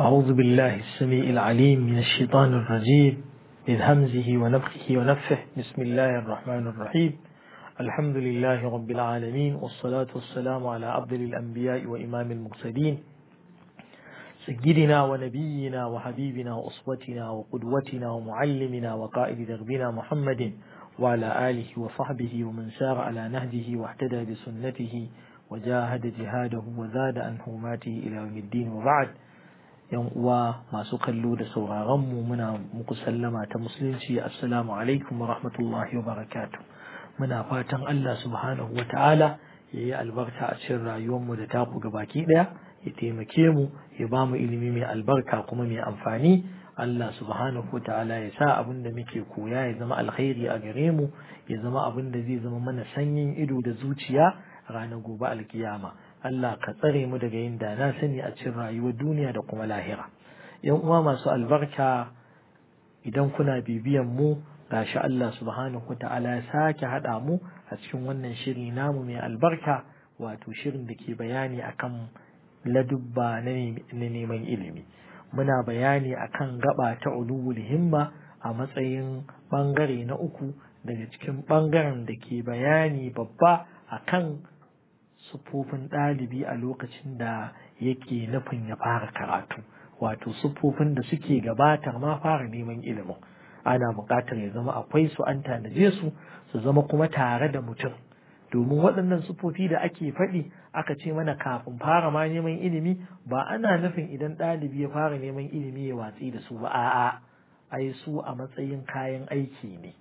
أعوذ بالله السميع العليم من الشيطان الرجيم من همزه ونفخه ونفه بسم الله الرحمن الرحيم الحمد لله رب العالمين والصلاة والسلام على عبد الأنبياء وإمام المرسلين سيدنا ونبينا وحبيبنا وأصوتنا وقدوتنا ومعلمنا وقائد دربنا محمد وعلى آله وصحبه ومن سار على نهجه واهتدى بسنته وجاهد جهاده وزاد عن حرماته إلى يوم الدين وبعد yan uwa masu kallo da sauraron mu muna muku sallama ta musulunci assalamu alaikum wa rahmatullahi wa barakatu. muna fatan Allah subhanahu wa ta'ala ya yi albarka a cikin rayuwar mu da taku baki daya ya taimake mu ya ba mu ilimi mai albarka kuma mai amfani Allah subhanahu wa ta'ala ya sa abin da muke koya ya zama alkhairi a gare mu ya zama abin da zai zama mana sanyin ido da zuciya ranar gobe alkiyama Allah ka tsare mu daga yin da na sani a cikin rayuwar duniya da kuma lahira yan uwa masu albarka idan kuna bibiyan mu gashi Allah subhanahu ta'ala ya sake haɗa mu a cikin wannan shiri namu mai albarka wato shirin da ke bayani akan ladubba na neman ilimi muna bayani akan gaba ta ulubul himma a matsayin bangare na uku daga cikin bangaren da ke bayani babba akan siffofin ɗalibi a lokacin da yake nufin ya fara karatu wato siffofin da suke gabatar ma fara neman ilimin ana buƙatar ya zama akwai su an tanaje su su zama kuma tare da mutum domin waɗannan siffofi da ake faɗi aka ce mana kafin fara ma neman ilimi ba ana nufin idan ɗalibi ya fara neman ilimi ya watsi da su ba a'a ai su a matsayin kayan aiki ne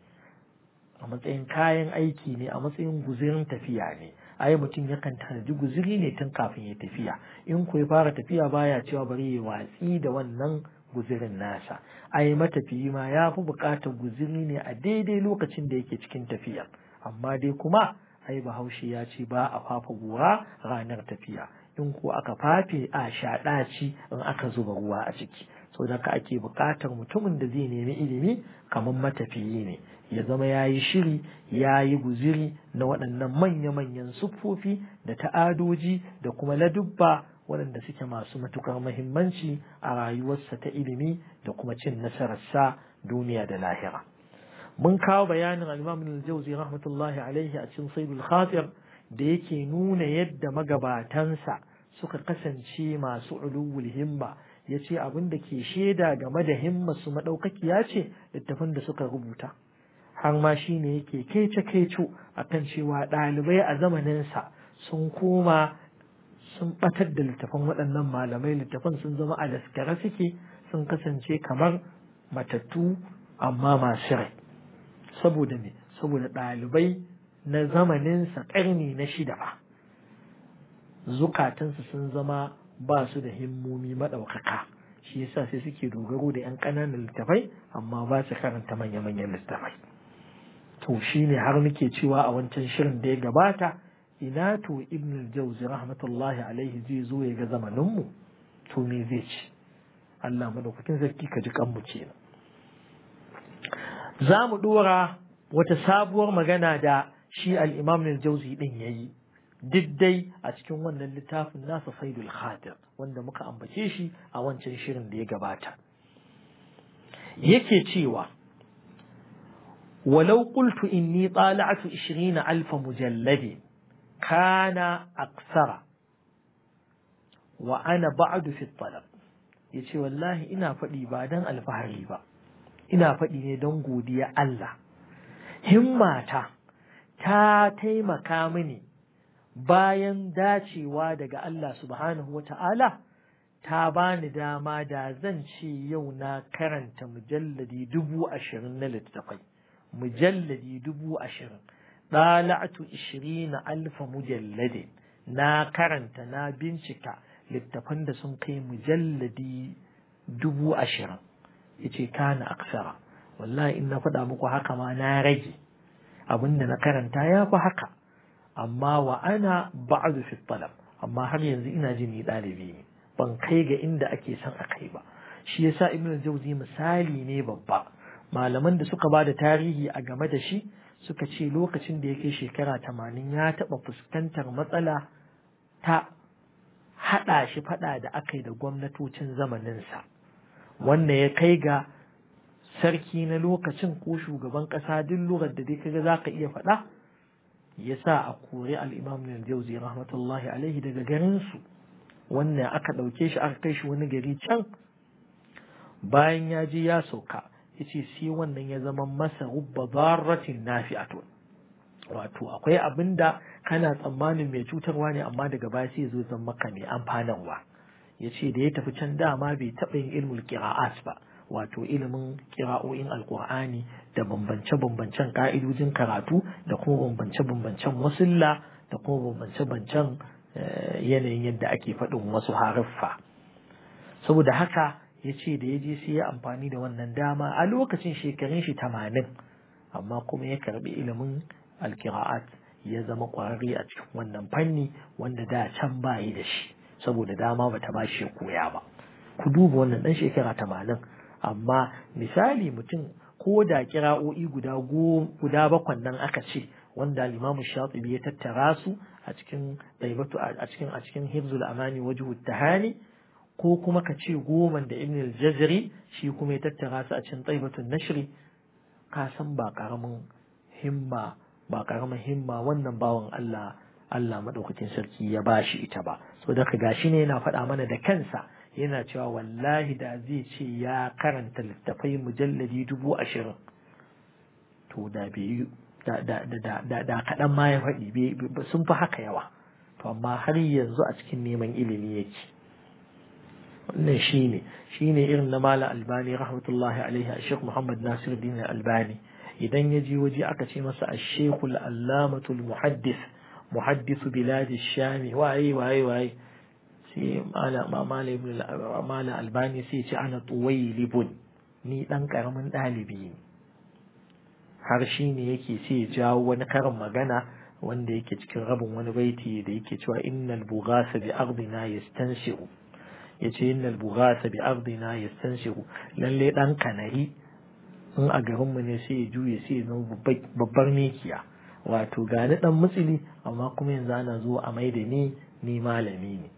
a matsayin kayan aiki ne a matsayin guzirin tafiya ne ai mutum yakan tanadi guzuri ne tun kafin ya tafiya in ku ya fara tafiya baya cewa bari ya watsi da wannan guzirin nasa ai matafiyi ma ya fi buƙatar guzuri ne a daidai lokacin da yake cikin tafiya amma dai kuma ai bahaushe ya ce ba a fafa gora ranar tafiya in ku aka fafe a shaɗaci in aka zuba ruwa a ciki sau da ka ake buƙatar mutumin da zai nemi ilimi kamar matafiyi ne ya zama ya yi shiri ya yi guziri na waɗannan manya-manyan siffofi da ta'adoji da kuma ladubba waɗanda suke masu matuƙar mahimmanci a rayuwarsa ta ilimi da kuma cin nasararsa duniya da lahira mun kawo bayanin al-imam al-jawzi rahmatullahi alaihi a cikin sayyidul khatir da yake nuna yadda magabatansa suka kasance masu ulul himma ya ce abin da ke shaida game da himma himmasu maɗaukakiya ce littafin da suka rubuta har ma shi ne yake kece keco a kan cewa ɗalibai a zamaninsa sun koma sun ɓatar da littafin waɗannan malamai littafin sun zama a daskare suke sun kasance kamar matattu amma masu rai saboda me saboda ɗalibai na zamaninsa ƙarni na shida ba zukatansu sun zama ba su da himmomi maɗaukaka shi yasa sai suke dogaro da 'yan ƙananan littafai amma ba su karanta manya-manyan littafai to shi ne har muke cewa a wancan shirin da ya gabata ina to ibn jauzi rahmatullahi alaihi zai zo ya ga zamaninmu to me zai ci Allah madaukakin sarki ka ji kanmu ce za mu dora wata sabuwar magana da shi al-imam al-jauzi din yayi diddai a cikin wannan littafin nasa saidul khatir wanda muka ambace shi a wancan shirin da ya gabata yake cewa walau qultu inni tala'tu 20000 mujallad kana aksara wa ana ba'du fi talab yace wallahi ina faɗi ba dan alfahari ba ina faɗi ne don godiya Allah himmata ta taimaka mini bayan dacewa daga Allah subhanahu wa ta'ala ta bani dama da zan ce yau na karanta mujalladi dubu ashirin na littafai mujalladi dubu ashirin ɗala'atu ishirin alfa mujallade na karanta na bincika littafan da sun kai mujalladi dubu ashirin yace kana aksara wallahi in na faɗa muku haka ma na rage abinda na karanta ya fi haka amma wa ana ba'adu fi talab amma har yanzu ina jin ni ɗalibi ne ban kai ga inda ake son a kai ba shi yasa ibnu jauzi misali ne babba malaman da suka ba da tarihi a game da shi suka ce lokacin da yake shekara tamanin ya taɓa fuskantar matsala ta haɗa shi faɗa da aka yi da gwamnatocin zamaninsa wannan ya kai ga sarki na lokacin ko shugaban ƙasa duk lugar da dai kaga zaka iya faɗa ya sa a kori al'imam na jauzi rahmatullahi alaihi daga garinsu wannan aka ɗauke shi aka kai shi wani gari can bayan ya je ya sauka ya ce sai wannan ya zama masa rubba barratin nafi'atun wato akwai abinda kana tsammanin mai cutarwa ne amma daga baya sai zo zan maka mai amfanarwa ya ce da ya tafi can dama bai taɓa yin ilmul qira'at ba wato ilimin kira'o'in alkur'ani da bambance-bambancen ka'idojin karatu da kuma bambance-bambancen musulla da kuma bambance-bambancen eh, yanayin yadda ake faɗin wasu haruffa saboda haka ya ce da ya je sai ya amfani da wannan dama a lokacin shekarun shi tamanin amma kuma ya karbi ilimin alkira'at ya zama ƙwararre a cikin wannan fanni wanda da can bayi da shi saboda dama bata ba shi koya ba ku duba wannan ɗan shekara tamanin amma misali mutum ko da kira'o'i guda guda bakwan nan aka ce wanda limamu shatibi ya tattara su a cikin daibatu a cikin a cikin hibzul amani wajhu tahani ko kuma ka ce goman da ibn al-jazri shi kuma ya tattara su a cikin daibatu nashri ka san ba karamin himma ba karamin himma wannan bawan Allah Allah madaukakin sarki ya bashi ita ba so da gashi ne yana faɗa mana da kansa yana cewa wallahi da zai ce ya karanta littafai mujalladi dubu ashirin to da bai da kaɗan ma ya faɗi sun fi haka yawa to amma har yanzu a cikin neman ilimi yake wannan shine ne irin na mala albani rahmatullahi alaihi a shek muhammad Nasiru din albani idan ya je waje aka ce masa a shekul allamatul muhaddis muhaddisu biladi shami waye waye waye sai mala ibn mala albani sai ce ana libun ni dan karamin dalibi ne har shi ne yake sai jawo wani karin magana wanda yake cikin rabin wani baiti da yake cewa innal bughasa bi ardina yastanshiru yace innal bughasa bi ardina yastanshiru lalle dan kanari in a garinmu ne sai ya juye sai ya zama babbar mikiya wato gani dan mutsili amma kuma yanzu ana zuwa a mai da ni ni malami ne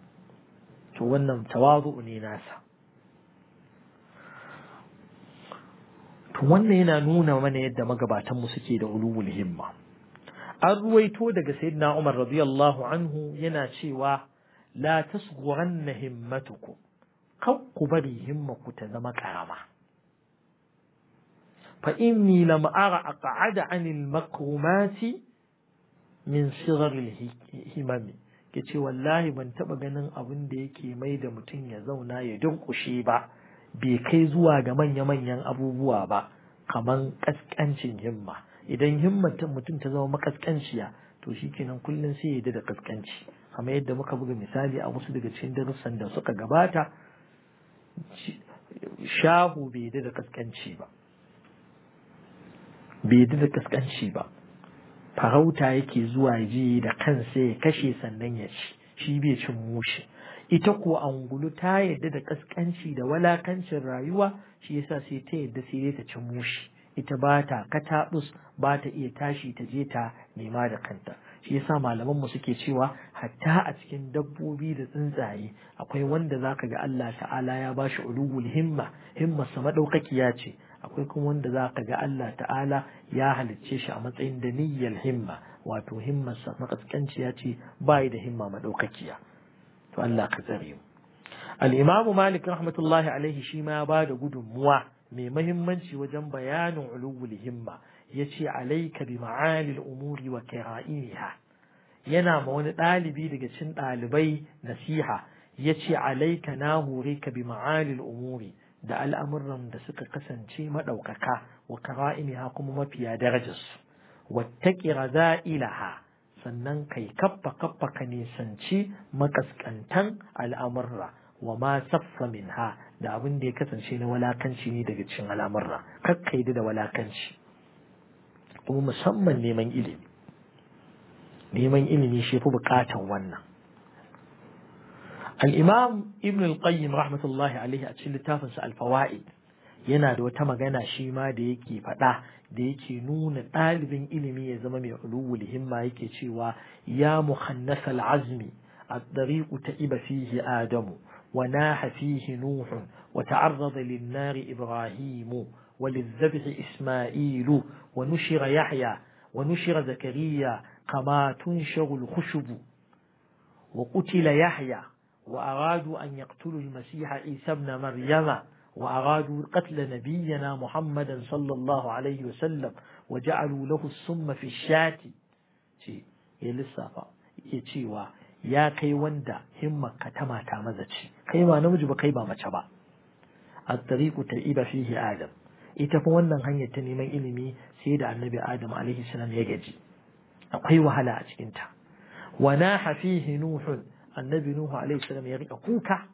to wannan tawazu ne nasa to wannan yana nuna mana yadda magabatan mu suke da ulumul himma an ruwaito daga sayyidina Umar radiyallahu anhu yana cewa la tasghuranna himmatukum kan ku bari himmaku ta zama karama fa inni lam ara aq'ada anil makrumati min sigar al himami ya ce wallahi ban taɓa ganin abin da yake mai da mutum ya zauna ya dunkushe ba bai kai zuwa ga manya-manyan abubuwa ba kamar kaskancin himma idan himmatan mutum ta zama makaskanciya to shi kenan kullum sai ya yi da kaskanci kamar yadda muka buga misali a wasu daga cikin darussan da suka gabata shahu bai yi da kaskanci ba bai yi da kaskanci ba farauta yake zuwa ji da kansa ya kashe sannan ya ci shi bai cin mushi ita ko angulu ta yadda da kaskanci da walakancin rayuwa shi yasa sai ta yadda sai dai ta cin mushi ita ba ta katabus ba ta iya tashi ta je ta nema da kanta shi yasa malaman mu suke cewa hatta a cikin dabbobi da tsuntsaye akwai wanda zaka ga Allah ta'ala ya bashi ulul himma himma sama daukakiya ce akwai kuma wanda za ka ga Allah ta'ala ya halicce shi a matsayin da niyyar himma wato himmarsa makaskanciya ce yi da himma maɗaukakiya to Allah ka tsare mu al-imam malik rahmatullahi alaihi shi ma ya bada gudunmuwa mai mahimmanci wajen bayanin ulul himma yace alayka bi ma'alil umuri wa kara'iha yana ma wani ɗalibi daga cikin ɗalibai nasiha yace alayka na hore ka bi ma'alil umuri da al'amuran da suka kasance maɗaukaka wa kara'imiha kuma mafiya darajarsu wattaƙi ilaha, sannan kai kaffa kaffa ka nisanci makaskantan al'amurra wa ma saffa ha, da abin da ya kasance na walakanci ne daga cikin al'amurra kakkaidu da walakanci kuma musamman neman ilimi neman ilimi shi fi buƙatar wannan الإمام ابن القيم رحمة الله عليه a cikin littafinsa alfawa'id yana da wata magana shi ma da yake faɗa da yake nuna ɗalibin ilimi ya zama mai ulul himma yake cewa ya muhannas al-azmi الطريق تئب فيه آدم وناح فيه نوح وتعرض للنار إبراهيم وللذبح إسماعيل ونشر يحيى ونشر زكريا كما تنشر الخشب وقتل يحيى وأرادوا أن يقتلوا المسيح عيسى ابن مريم وأرادوا قتل نبينا محمدا صلى الله عليه وسلم وجعلوا له السم في الشاة يلسافا يتشيوا يا كي وندا هم كتما تامزتشي ما نمج بكي ما شبا الطريق تئب فيه آدم إتفونا هن يتني من إلمي سيد النبي آدم عليه السلام يجي alaihi salam ya وناح فيه نوح annabi nuhu alaihi salam ya rika kuka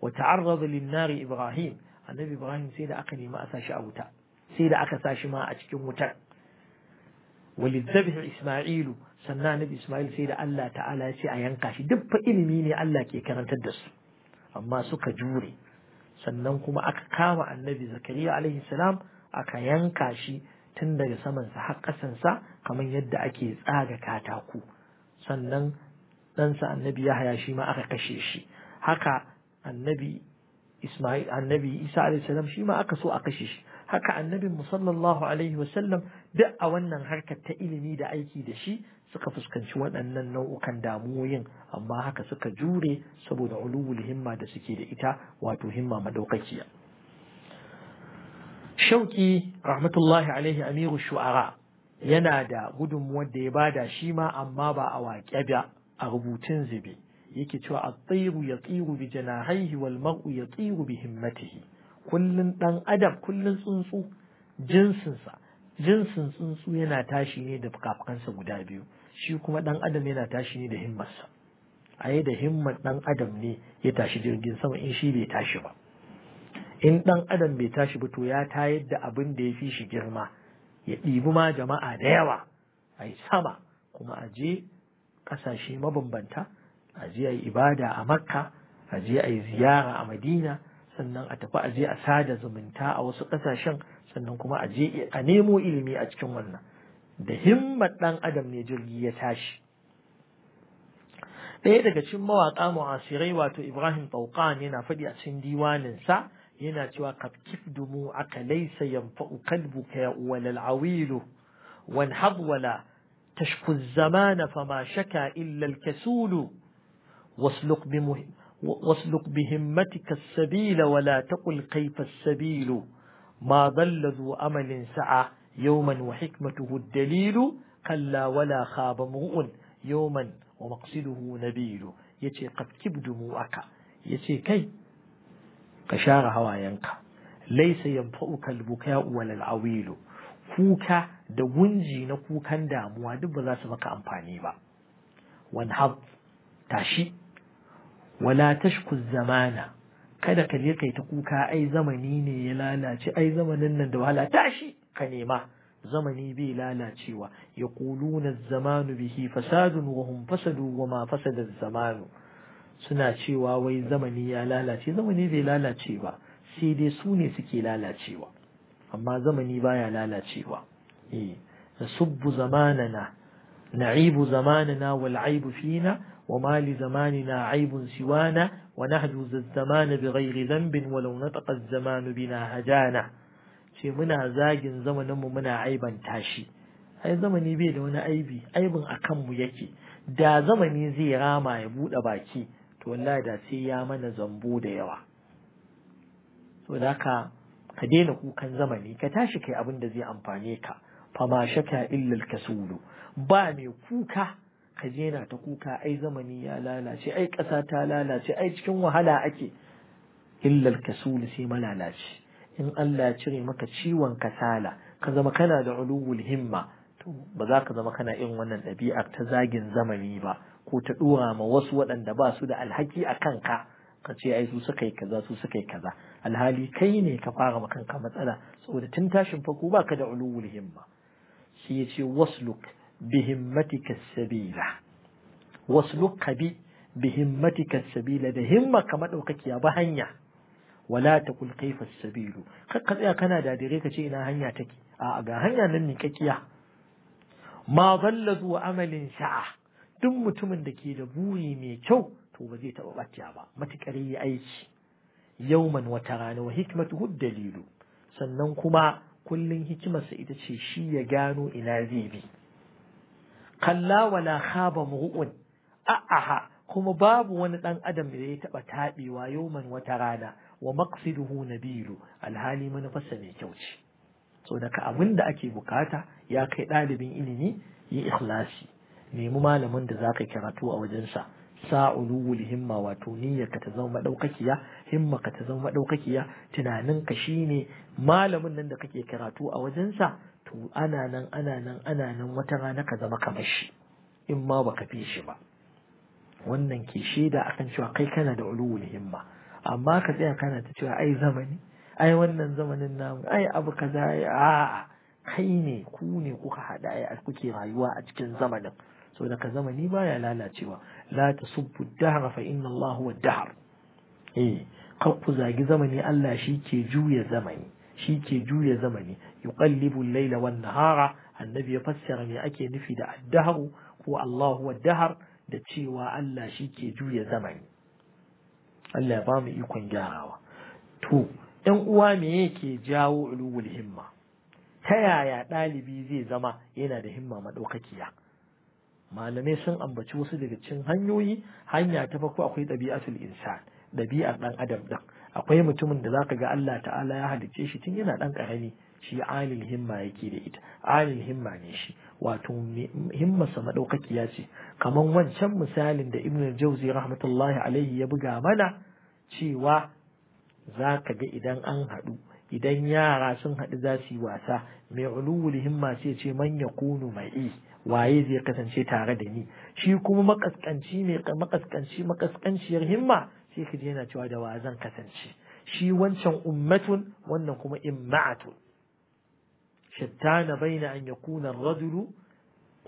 wa ta'arrada lin nari ibrahim annabi ibrahim sai da aka nemi a sashi a wuta sai da aka sashi ma a cikin wutar walidhabhi isma'ilu sannan annabi isma'il sai da Allah ta'ala ya ce a yanka shi duk fa ilimi ne Allah ke karantar da su amma suka jure sannan kuma aka kama annabi zakariya alaihi salam aka yanka shi tun daga samansa har ƙasansa kamar yadda ake tsaga katako sannan ɗansa annabi Yahaya shi ma aka kashe shi haka annabi Isma'il annabi Isa alaihi salam shi ma aka so a kashe shi haka annabin mu sallallahu alaihi wasallam duk a wannan harkar ta ilimi da aiki da shi suka fuskanci waɗannan nau'ukan damuwoyin amma haka suka jure saboda ulul himma da suke da ita wato himma madaukakiya shauki rahmatullahi alaihi amiru shu'ara yana da gudunmuwar da ya bada shi ma amma ba a waƙe ba a rubutun zube yake cewa at ya yatiru bi janahihi wal mar'u yatiru bi himmatihi kullun dan adam kullun tsuntsu jinsinsa jinsin tsuntsu yana tashi ne da fukafukansa guda biyu shi kuma dan adam yana tashi ne da himmarsa ai da himmar dan adam ne ya tashi jirgin sama in shi bai tashi ba in dan adam bai tashi ba to ya tayar da abin da ya fi shi girma ya ɗibi ma jama'a da yawa a sama kuma a je ƙasashe mabambanta a je a yi ibada a makka a je a yi ziyara a madina sannan a tafi a je a sada zumunta a wasu ƙasashen sannan kuma a je a nemo ilimi a cikin wannan da himmat ɗan adam ne jirgi ya tashi ɗaya daga cikin mawaƙa mu'asirai wato ibrahim fauqan yana faɗi a cikin diwaninsa yana cewa kafkif dumu aka laisa yanfa'u kalbuka ya walal awilu wan hadwala تشكو الزمان فما شكا إلا الكسول واسلك, بمه واسلك بهمتك السبيل ولا تقل كيف السبيل ما ضل ذو أمل سعى يوما وحكمته الدليل كلا ولا خاب مرء يوما ومقصده نبيل يتي قد كبد موأك يتي كي كشار هواينك ليس ينفؤك البكاء ولا العويل كوكا da gunji na kukan damuwa duk ba za su maka amfani ba wanhab tashi wala tashku zamana kada ka je kai ta kuka ai zamani ne ya lalace ai zamanin nan da wahala tashi ka nema zamani bai lalacewa ya kuluna zamanu bihi fasadun wa hum fasadu wa ma fasadar zamanu suna cewa wai zamani ya lalace zamani bai lalace ba sai dai su ne suke lalacewa amma zamani baya lalacewa نسب زماننا نعيب زماننا والعيب فينا وما لزماننا عيب سوانا ونحجز الزمان بغير ذنب ولو نطق الزمان بنا هجانا ce muna zagin zamaninmu muna aiban tashi ai zamani bai da wani aibi aibin a kanmu yake da zamani zai rama ya buɗe baki to wallahi da sai ya mana zambo da yawa to da ka ka daina kukan zamani ka tashi kai abin da zai amfane ka fama shaka illal kasulu ba mai kuka ka je na ta kuka ai zamani ya lalace ai ƙasa ta lalace ai cikin wahala ake illal kasulu sai malalace in Allah ya cire maka ciwon kasala ka zama kana da uluwul himma to ba za ka zama kana irin wannan ɗabi'ar ta zagin zamani ba ko ta ɗora ma wasu waɗanda ba su da alhaki a kanka ka ce ai su suka yi kaza su suka yi kaza alhali kai ne ka fara ma kanka matsala saboda tun tashin farko baka da uluwul himma sai ce wasluk bihimmatika sabila wasluk kabi bihimmatika sabila da himma ka madaukakiya ba hanya wala taqul kaifa sabilu kar ka tsaya kana da dire ka ce ina hanya take a ga hanya nan ne kakiya ma balla zuwa amalin sha'a duk mutumin da ke da buri mai kyau to ba zai taɓa ɓaciya ba matukar yi aiki yauman wata rana wa hikmatu dalilu sannan kuma kullum hikimarsa ita ce shi ya gano ina zai bi kalla wala khaba mu'un a'aha kuma babu wani ɗan adam da ya taɓa taɓewa yauman wata rana wa maqsiduhu nabilu alhali manufarsa mai kyau ce so daga abin da ake bukata ya kai ɗalibin ilimi yi ikhlasi nemi malamin da za ka karatu a wajensa sa'ulul himma wato niyyarka ta zama madaukakiya ka ta zama madaukakiya ka shine malamin nan da kake karatu a wajensa to ana nan ana nan ana nan wata rana ka zama kamar shi in ma baka fi shi ba wannan ke shaida akan cewa kai kana da ulul himma amma ka tsaya kana ta cewa ai zamani ai wannan zamanin namu ai abu kaza a'a kai ne ku ne kuka haɗa ya kuke rayuwa a cikin zamanin saboda ka zamani baya lalacewa la tasubbu dahra fa inna Allah huwa eh kar ku zagi zamani Allah shi ke juya zamani shi ke juya zamani yuqallibu al-laila wan nahara annabi ya fassara me ake nufi da ad ko Allah huwa da cewa Allah shi ke juya zamani Allah ya ba mu ikon gyarawa to ɗan uwa me yake jawo ulul himma ta yaya ɗalibi zai zama yana da himma maɗaukakiya malamai sun ambaci wasu daga cin hanyoyi hanya ta farko akwai ɗabi'atul insan ɗabi'ar ɗan adam ɗin akwai mutumin da za ka ga Allah ta'ala ya halicce shi tun yana ɗan ƙarami shi alil himma yake da ita alil himma ne shi wato himmarsa maɗaukakiya ce kamar wancan misalin da ibnu jauzi rahmatullahi alaihi ya buga mana cewa zaka ga idan an haɗu idan yara sun haɗu za su yi wasa mai uluwul himma sai ce man yakunu mai waye zai kasance tare da ni shi kuma makaskanci mai makaskanci makaskanciyar himma sai kaje yana cewa da wa zan kasance shi wancan ummatun wannan kuma imma'atun shattana baina an yakuna ar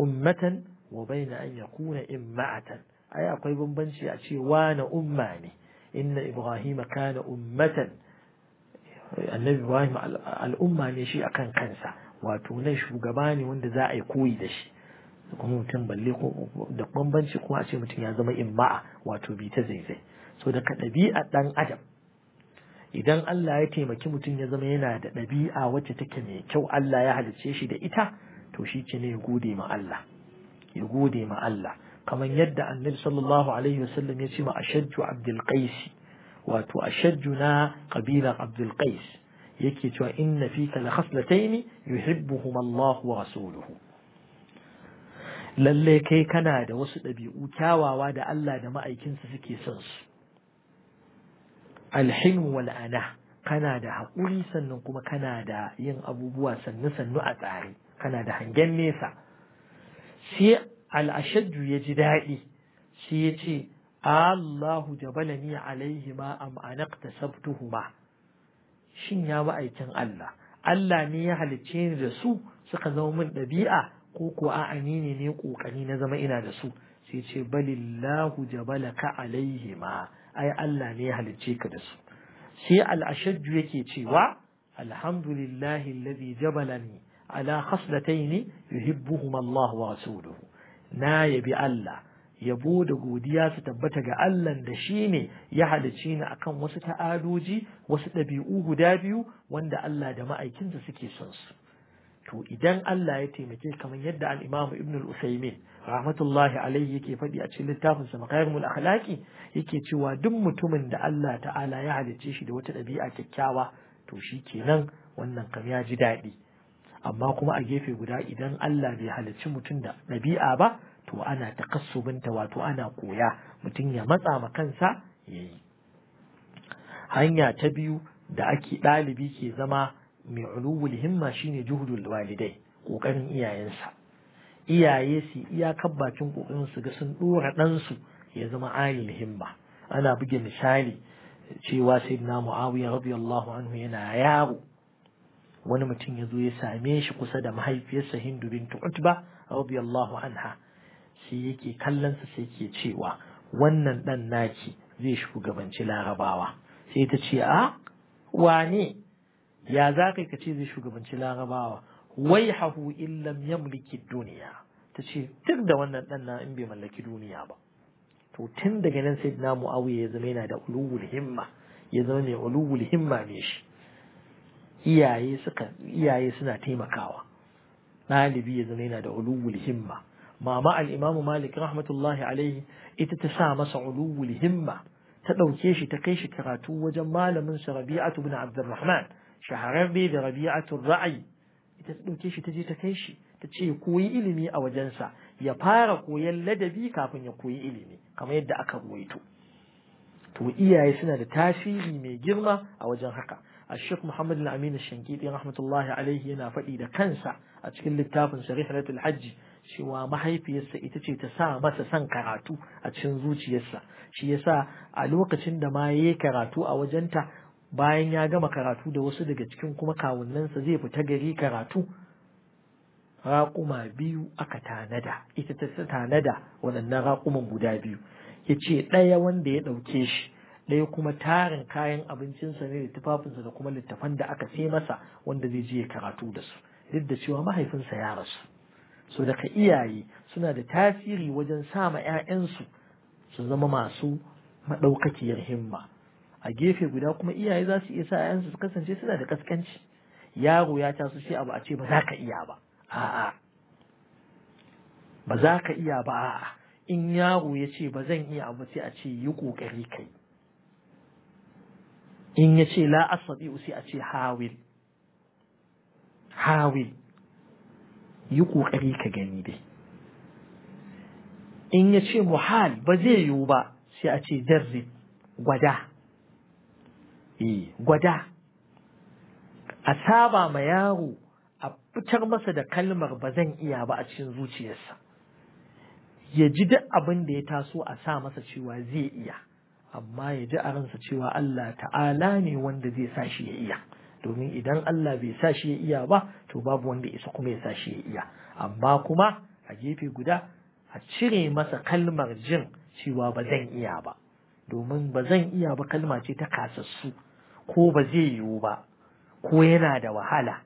ummatan wa baina an yakuna imma'atan ai akwai bambanci a ce na umma ne inna ibrahima kana ummatan annabi Ibrahim al'umma ne shi akan kansa wato nan shugaba ne wanda za a yi koyi da shi kuma mutum balle da bambanci kuma a ce mutum ya zama imma'a wato bi ta zaizai so daga ɗabi'a ɗan adam idan Allah ya taimaki mutum ya zama yana da ɗabi'a wacce take mai kyau Allah ya halicce shi da ita to shi ce ne ya gode ma Allah ya gode ma Allah kamar yadda annabi sallallahu alaihi wasallam ya ce ma ashajju abdul wato ashajjuna na ƙabilar abdulkais yake cewa inna fika la khaslatayn yuhibbuhuma Allah wa rasuluhu lalle kai kana da wasu ɗabi'u kyawawa da Allah da ma'aikinsa suke son su alhinu wal ana kana da haƙuri sannan kuma kana da yin abubuwa sannu sannu a tsari kana da hangen nesa sai al'ashaddu ya ji daɗi sai ya ce Allahu jabalani alaihi ma am anaqta sabtuhuma shin ya ba aikin Allah Allah ne ya halicce ni da su suka zama min ɗabi'a ko ko a'a ni ne ne kokari na zama ina da su sai ce balillahu jabalaka alaihi ma ai Allah ne ya halicce ka da su sai al-ashajju yake cewa alhamdulillahi alladhi jabalani ala khaslataini yuhibbuhuma Allah wa rasuluhu na yabi Allah yabo da godiya su tabbata ga Allah da shi ne ya halicci ni akan wasu ta'adoji wasu ɗabi'u guda biyu wanda Allah da ma'aikinsa suke son su to idan Allah ya taimake kamar yadda al-Imam Ibn al-Usaymin rahmatullahi alayhi yake faɗi a cikin littafin sa Makarimul Akhlaqi yake cewa duk mutumin da Allah ta'ala ya halicce shi da wata ɗabi'a kyakkyawa to shi kenan wannan kam ya ji daɗi amma kuma a gefe guda idan Allah bai halicci mutum da ɗabi'a ba to ana takassubinta wato ana koya mutum ya matsa ma kansa ya yi hanya ta biyu da ake ɗalibi ke zama mai uluwul himma shine juhudul walidai ƙoƙarin iyayensa iyaye su iya kabbacin ƙoƙarin su ga sun ɗora ɗansu ya zama alil himma ana buge misali cewa sai na muawiya radiyallahu anhu yana yaro wani mutum ya zo ya same shi kusa da mahaifiyarsa hindu bintu utba radiyallahu anha shi yake kallon sa sai ke cewa wannan ɗan naki zai shugabanci larabawa sai ta ce a ah, wane ya za kai ka ce zai shugabanci larabawa wai hahu illam yamliki duniya ta ce duk da wannan dan na in bai mallaki duniya ba to tun daga nan sai na mu'awiya ya zama yana da ulul himma ya zama mai ulul himma ne shi iyaye suna taimakawa ɗalibi ya zama yana da ulul himma mama al malik rahmatullahi alaihi ita ta sa masa uluwul himma ta ɗauke shi ta kai shi karatu wajen malamin sa rabi'atu bin abdurrahman shahararre da rabi'atu ra'ayi ita ta ɗauke shi ta je ta kai shi ta ce koyi ilimi a wajensa ya fara koyan ladabi kafin ya koyi ilimi kamar yadda aka ruwaito to iyaye suna da tasiri mai girma a wajen haka الشيخ محمد الأمين الشنكيطي رحمة الله عليه ينا فدي دا كنسا أتكلم للتافن شريحة الحج cewa mahaifiyarsa ita ce ta sa masa son karatu a cikin zuciyarsa shi yasa a lokacin da ma yayi karatu a wajenta bayan ya gama karatu da wasu daga cikin kuma kawunnansa zai fita gari karatu raƙuma biyu aka tanada ita ta tanada waɗannan raƙuman guda biyu ya ce ɗaya wanda ya ɗauke shi ɗaya kuma tarin kayan abincinsa ne da tufafinsa da kuma littafan da aka sai masa wanda zai je karatu da su duk da cewa mahaifinsa ya rasu so daga iyaye suna da tasiri wajen sama 'ya'yansu su zama masu maɗaukakiyar himma a gefe guda kuma iyaye za su iya sa 'ya'yansu su kasance suna da kaskanci yaro ya taso sai abu a ce ba za ka iya ba a'a ba za ka iya ba a'a in yaro ya ce ba zan iya abu sai a ce yi ƙoƙari kai in ya ce la asabi sai a ce hawil hawil yi ƙoƙari ka gani dai in ya ce muhal ba zai yiwu ba sai a ce jarri gwada eh gwada a saba ma yaro a fitar masa da kalmar ba zan iya ba a cikin zuciyarsa ya ji duk abin da ya taso a sa masa cewa zai iya amma ya ji a ransa cewa Allah ta'ala ne wanda zai sa shi ya iya domin idan Allah bai sa shi ya iya ba to babu wanda isa kuma ya sa shi ya iya amma kuma a gefe guda a cire masa kalmar jin cewa ba zan iya ba domin ba zan iya ba kalma ce ta kasassu ko ba zai yiwu ba ko yana da wahala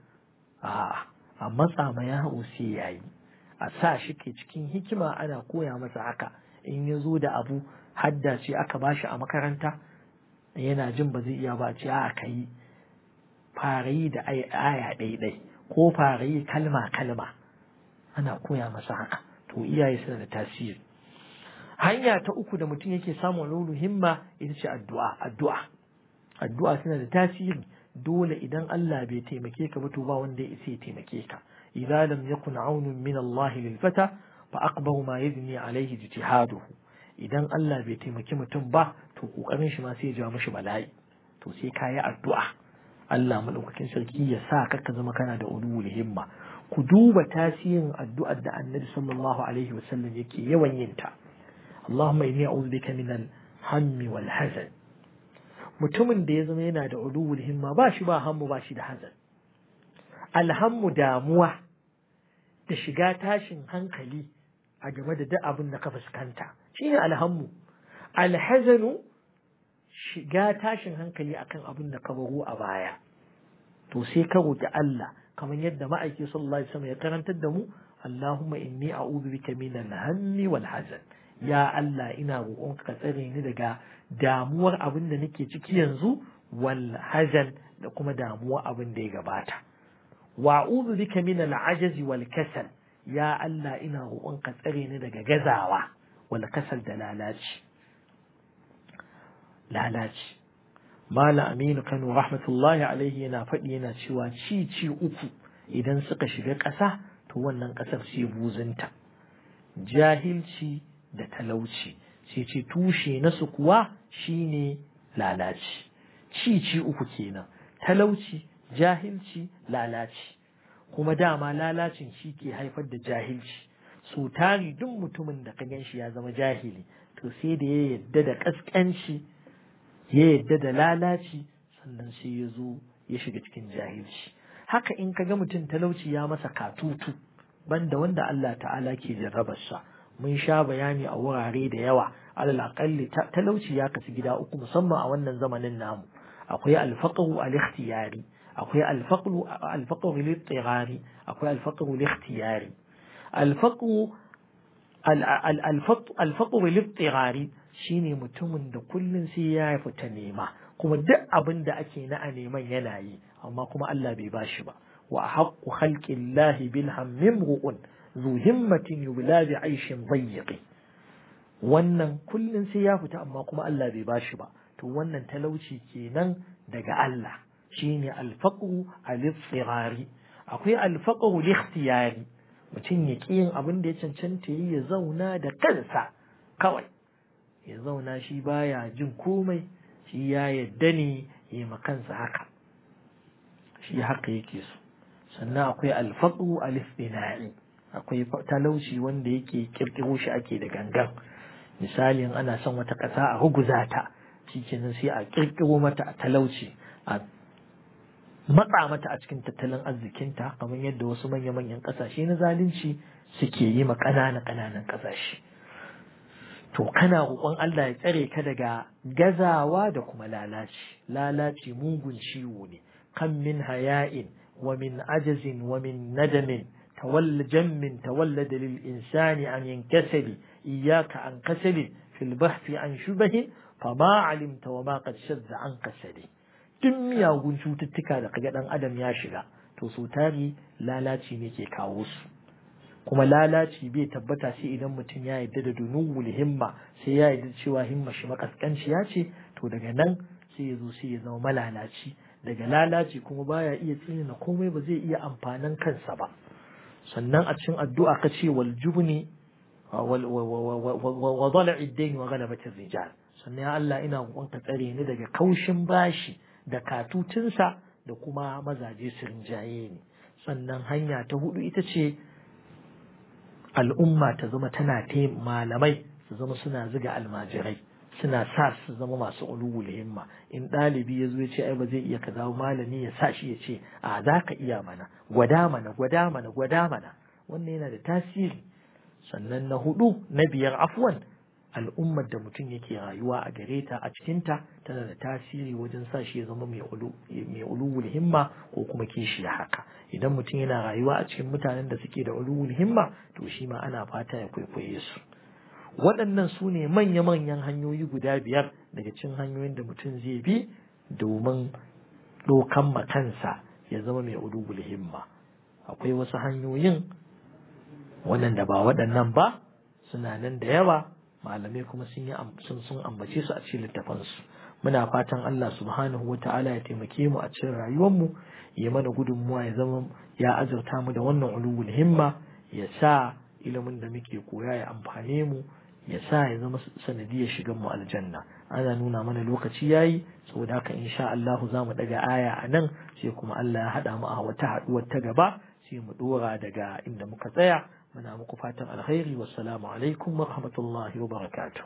a a matsa ma ya sai ya yi a sa shi ke cikin hikima ana koya masa haka in ya zo da abu hadda ce aka bashi a makaranta yana jin ba zai iya ba ce a ka yi farayi da aya ɗaiɗai ko farayi kalma kalma ana koya masa haka to iyaye suna da tasiri hanya ta uku da mutum yake samun lulu himma ita ce addu'a addu'a addu'a tana da tasiri dole idan Allah bai taimake ka ba to ba wanda ya ya taimake ka idza lam yakun aunun min Allah lil fata fa aqbahu ma yadni alayhi ijtihaduhu idan Allah bai taimaki mutum ba to kokarin shi ma sai ya jawo mishi bala'i to sai kayi addu'a Allah maɗaukakin sarki ya sa ka zama kana da ulu himma ku duba tasirin addu'ar da annabi sallallahu alaihi yake yawan yin ta Allahumma inni a'udhu bika minal hammi wal hazan mutumin da ya zama yana da ulu himma ba shi ba hammu ba shi da hazan alhammu damuwa da shiga tashin hankali a game da duk abin da ka fuskanta shine alhammu alhazanu shiga tashin hankali akan abin da ka baro a baya to sai ka roki Allah kamar yadda ma'aiki sallallahu alaihi wasallam ya karantar da mu Allahumma inni a'udhu bika minal hammi wal hazan ya Allah ina roƙonka ka tsare ni daga damuwar abin da nake ciki yanzu wal hazan da kuma damuwar abin da ya gabata wa a'udhu bika minal ajazi wal kasal ya Allah ina roƙonka tsare ni daga gazawa wal kasal da lalaci lalaci mala aminu kano rahmatullahi alaihi yana faɗi yana cewa ci ci uku idan suka shiga ƙasa to wannan ƙasar ce buzunta jahilci da talauci sai ce tushe na su kuwa shine lalaci ci ci uku kenan talauci jahilci lalaci kuma dama lalacin shi ke haifar da jahilci so tari duk mutumin da ka gan shi ya zama jahili to sai da ya yadda da ƙasƙanci ya yadda da lalaci sannan sai ya zo ya shiga cikin jahilci haka in kaga mutum talauci ya masa katutu banda wanda Allah ta'ala ke jarrabarsa mun sha bayani a wurare da yawa alal aqalli talauci ya kasu gida uku musamman a wannan zamanin namu akwai alfaqru al-ikhtiyari akwai alfaqru alfaqru lil-tirari akwai alfaqru lil-ikhtiyari alfaqru alfaqru lil-tirari shine mutumin da kullum sai ya fita nema kuma duk abin da ake na a neman yana yi amma kuma Allah bai bashi ba wa haqqu khalqillahi bil hammim ruqun zu himmatin yubla bi aishin dayyiqi wannan kullum sai ya fita amma kuma Allah bai bashi ba to wannan talauci kenan daga Allah shine alfaqu al akwai alfaqu al mutum ya ƙi yin abin da ya cancanta yi ya zauna da kansa kawai ya zauna shi baya jin komai shi ya yadda ne ya yi makansa haka shi haka yake so sannan akwai alfaɗu alifina'i akwai talauci wanda yake kirkiro shi ake da gangan misalin ana son wata ƙasa a ruguza ta sai a kirkiro mata a talauci a matsa mata a cikin tattalin arzikinta kamar yadda wasu manya-manyan ƙasashe na zalunci suke yi ma ƙananan ƙananan ƙasashe to kana roƙon Allah ya tsare ka daga gazawa da kuma lalaci lalaci mugun ciwo ne kan min haya'in wa min ajazin wa min nadamin tawalla jammin tawalla dalil insani an yankasali iyyaka an kasali fil bahthi an shubahi fama alimta wa ma qad shadda an kasali duk miyagun cututtuka da kaga dan adam ya shiga to so tari lalaci ne ke kawo su kuma lalaci bai tabbata sai idan mutum ya yarda da dunuwul himma sai ya yarda cewa himma shi makaskanciya ce to daga nan sai ya zo sai ya zama malalaci daga lalaci kuma baya iya tsinina komai ba zai iya amfanin kansa ba sannan a cikin addu'a ka ce wal jubni wa dala'i dayn wa ghalabati rijal sannan ya Allah ina roƙon ka tsare ni daga kaushin bashi da katutunsa da kuma mazaje su rinjaye ni sannan hanya ta hudu ita ce al'umma ta zama tana ta malamai su zama suna ziga almajirai suna sa su zama masu ulul himma in ɗalibi ya zo ya ce ai ba zai iya kaza malami ya sa shi ya ce a za ka iya mana gwada mana gwada mana gwada mana wannan yana da tasiri sannan na hudu na biyar afwan al'ummar da mutum yake rayuwa a gare ta a cikinta tana da tasiri wajen sa shi ya zama mai uluwul himma ko kuma kishi ya haka idan mutum yana rayuwa a cikin mutanen da suke da uluwul himma to shi ma ana fata ya kwaikwaye su waɗannan su ne manya-manyan hanyoyi guda biyar daga cikin hanyoyin da mutum zai bi domin ɗaukan makansa ya zama mai uluwul himma akwai wasu hanyoyin waɗanda ba waɗannan ba suna nan da yawa malamai kuma sun yi sun sun ambace su a cikin su muna fatan Allah subhanahu wa ta'ala ya taimake mu a cikin rayuwar mu ya mana gudunmuwa ya zama ya azurta mu da wannan ulul himma ya sa ilimin da muke koya ya amfane mu ya sa ya zama sanadiyar shigan mu aljanna ana nuna mana lokaci yayi saboda haka insha Allah za mu daga aya a nan sai kuma Allah ya haɗa mu a wata haɗuwar ta gaba sai mu ɗora daga inda muka tsaya منام قفاتا الخير والسلام عليكم ورحمة الله وبركاته